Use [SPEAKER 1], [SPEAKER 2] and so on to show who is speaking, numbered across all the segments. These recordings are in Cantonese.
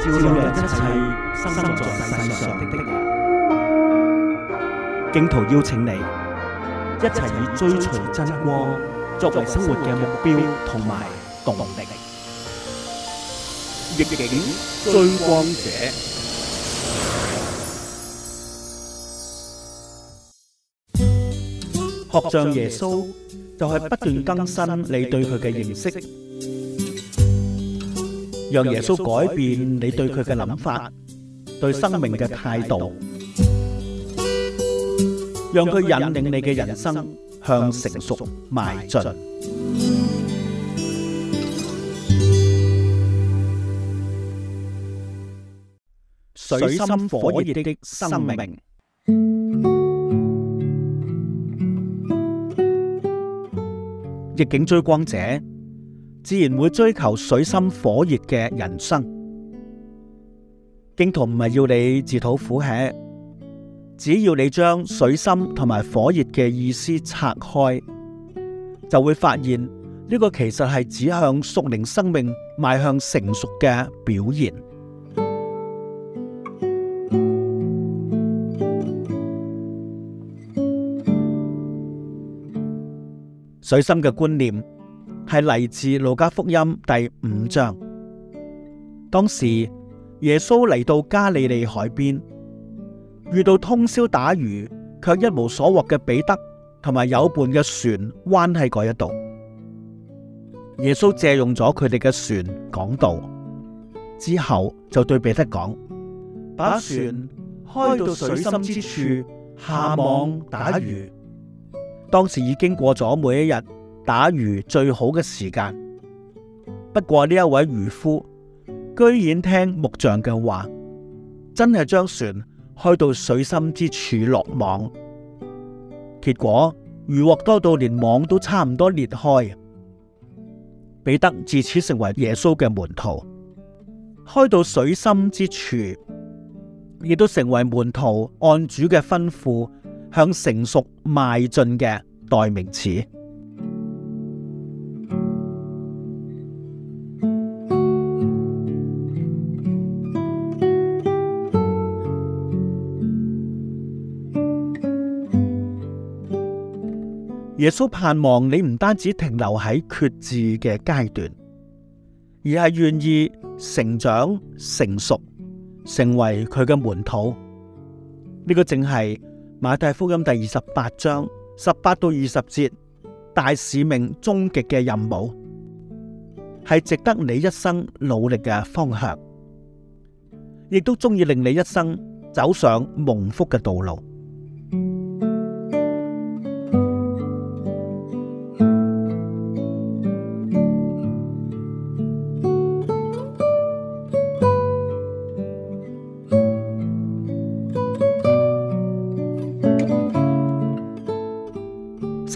[SPEAKER 1] 照亮一切生在世上的人，荊徒邀請你一齊以追隨真光作為生活嘅目標同埋動力。逆境追光者，
[SPEAKER 2] 學像耶穌
[SPEAKER 1] 就係不斷更新你對佢嘅認識。讓耶穌改變你對佢嘅諗法，對生命嘅態度，讓佢引領你嘅人生向成熟邁進。水深火熱的生命，逆境追光者。自然會追求水深火熱嘅人生，荊徒唔係要你自討苦吃，只要你將水深同埋火熱嘅意思拆開，就會發現呢個其實係指向屬靈生命邁向成熟嘅表現。水深嘅觀念。係嚟自路加福音第五章。當時耶穌嚟到加利利海邊，遇到通宵打魚卻一無所獲嘅彼得，同埋有伴嘅船彎喺嗰一度。耶穌借用咗佢哋嘅船講道，之後就對彼得講：把船開到水深之處，下網打魚。當時已經過咗每一日。打魚最好嘅時間。不過呢一位漁夫居然聽木匠嘅話，真係將船開到水深之處落網。結果魚獲多到連網都差唔多裂開。彼得自此成為耶穌嘅門徒，開到水深之處，亦都成為門徒按主嘅吩咐，向成熟邁進嘅代名詞。耶穌盼望你唔單止停留喺決志嘅階段，而係願意成長、成熟，成為佢嘅門徒。呢個正係馬太福音第二十八章十八到二十節大使命終極嘅任務，係值得你一生努力嘅方向，亦都中意令你一生走上蒙福嘅道路。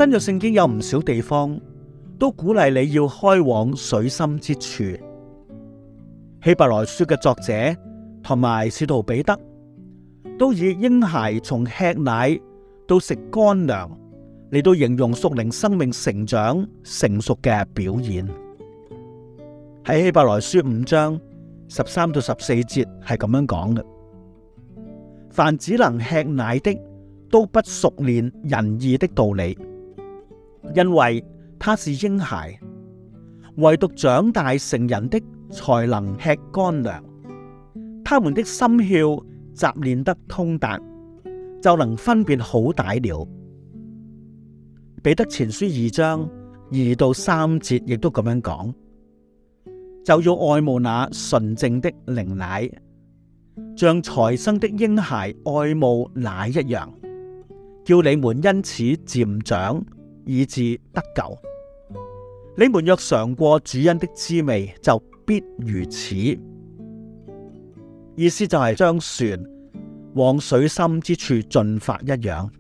[SPEAKER 1] 新約聖經有唔少地方都鼓勵你要開往水深之處。希伯來書嘅作者同埋使徒彼得都以嬰孩從吃奶到食乾糧嚟到形容屬靈生命成長成熟嘅表現。喺希伯來書五章十三到十四節係咁樣講嘅：凡只能吃奶的，都不熟練仁義的道理。因為他是嬰孩，唯獨長大成人的才能吃乾糧。他們的心竅習練得通達，就能分辨好歹了。彼得前書二章二到三節亦都咁樣講，就要愛慕那純正的靈奶，像才生的嬰孩愛慕奶一樣，叫你們因此漸長。以致得救。你們若嘗過主恩的滋味，就必如此。意思就係將船往水深之處進發一樣。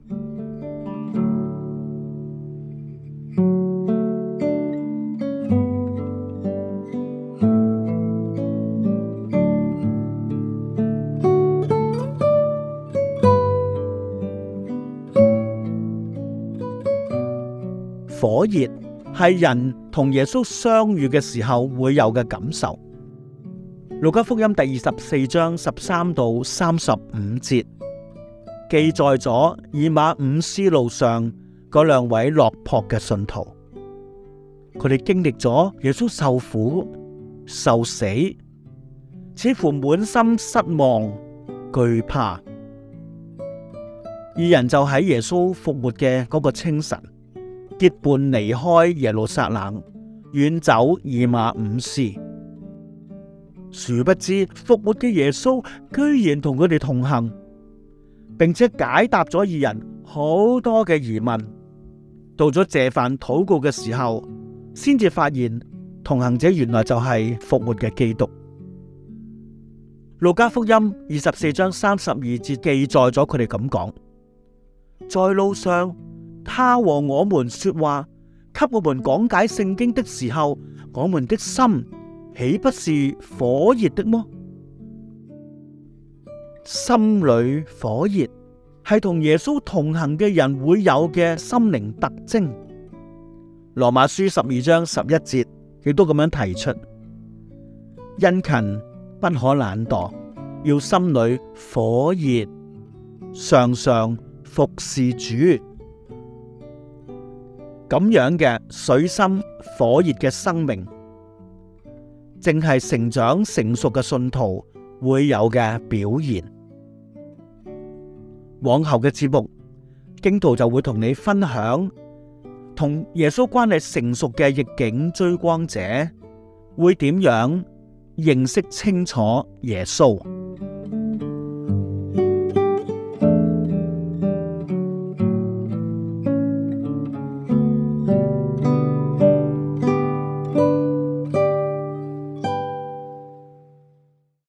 [SPEAKER 1] 火熱係人同耶穌相遇嘅時候會有嘅感受。路加福音第二十四章十三到三十五節記載咗以馬忤斯路上嗰兩位落魄嘅信徒，佢哋經歷咗耶穌受苦受死，似乎滿心失望懼怕。二人就喺耶穌復活嘅嗰個清晨，結伴離開耶路撒冷，遠走以馬忤斯。殊不知復活嘅耶穌居然同佢哋同行，並且解答咗二人好多嘅疑問。到咗謝飯禱告嘅時候，先至發現同行者原來就係復活嘅基督。路加福音二十四章三十二節記載咗佢哋咁講，在路上。他和我們說話，給我們講解聖經的時候，我們的心豈不是火熱的麼？心裏火熱係同耶穌同行嘅人會有嘅心靈特徵。羅馬書十二章十一節，亦都咁樣提出：殷勤不可懶惰，要心裏火熱，常常服侍主。咁樣嘅水深火熱嘅生命，正係成長成熟嘅信徒會有嘅表現。往後嘅節目，荊徒就會同你分享，同耶穌關係成熟嘅逆境追光者會點樣認識清楚耶穌。